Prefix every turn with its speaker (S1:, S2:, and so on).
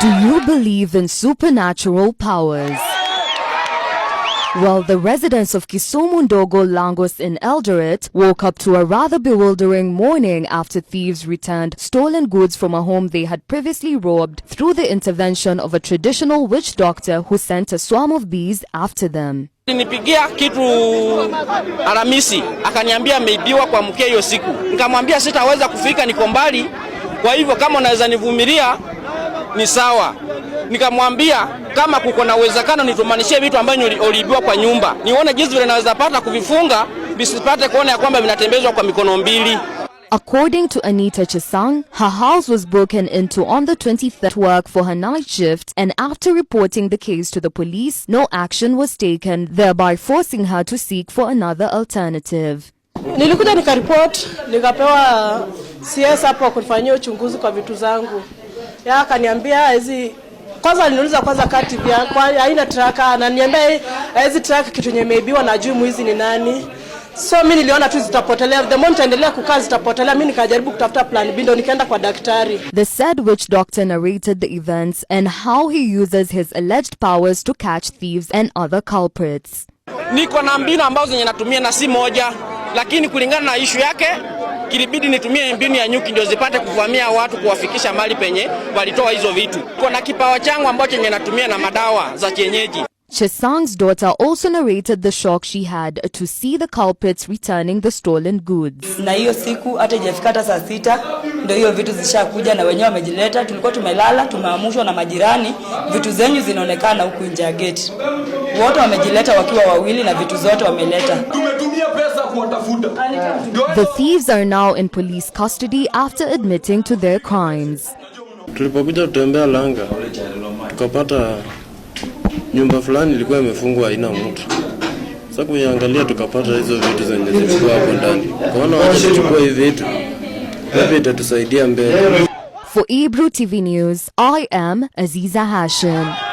S1: Do you believe in supernatural powers? Well, the residents of Kisumu Ndogo Langos in Eldoret woke up to a rather bewildering morning after thieves returned stolen goods from a home they had previously robbed through the intervention of a traditional witch doctor who sent a swarm of bees after them.
S2: Nipigia kitu aramisi akaniambia ameibiwa kwa mkeo siku. Nikamwambia sitaweza kufika, niko mbali, kwa hivyo kama unaweza nivumilia ni sawa. Nikamwambia kama kuko na uwezekano nitumanishie vitu ambavyo uliibiwa kwa nyumba, nione jinsi vile naweza pata kuvifunga visipate kuona ya kwamba vinatembezwa kwa mikono mbili.
S1: According to Anita Chesang, her house was broken into on the 23rd work for her night shift and after reporting the case to the police, no action was taken, thereby forcing her to seek for another alternative.
S3: Nilikuja nikaripoti nikapewa CS hapo kunifanyia uchunguzi kwa vitu zangu ya akaniambia hizi kwanza aliniuliza kwanza kati vya kwa aina traka, ananiambia hizi traka kitu yenye imeibiwa na juu mwizi ni nani. So mimi niliona tu zitapotelea, the moment endelea kukaa zitapotelea. Mimi nikajaribu kutafuta plan B, ndio nikaenda kwa daktari.
S1: The said witch doctor narrated the events and how he uses his alleged powers to catch thieves and other culprits.
S2: Niko na mbinu ambazo zenye natumia na si moja, lakini kulingana na ishu yake kilibidi nitumie mbinu ya nyuki ndio zipate kuvamia watu kuwafikisha mali penye walitoa hizo vitu. Kuna kipawa changu ambacho chenye natumia na madawa za kienyeji.
S1: Chesang's daughter also narrated the shock she had to see the culprits returning the stolen goods.
S4: Na hiyo siku hata ijafika hata saa sita ndio hiyo vitu zishakuja na wenyewe wamejileta. Tulikuwa tumelala tumeamushwa na majirani, vitu zenyu zinaonekana huku nje ya geti. Wote wamejileta wakiwa wawili na vitu zote wameleta.
S1: Eh. The thieves are now in police custody after admitting to their crimes.
S5: Tulipokuja kutembea Langa tukapata nyumba fulani ilikuwa imefungwa haina mtu. Sasa kuiangalia tukapata hizo vitu zenye zilikuwa hapo ndani, kaona wacha tuchukue hivi vitu, labda itatusaidia mbele.
S1: For Ebru TV News, I am Aziza Hashim.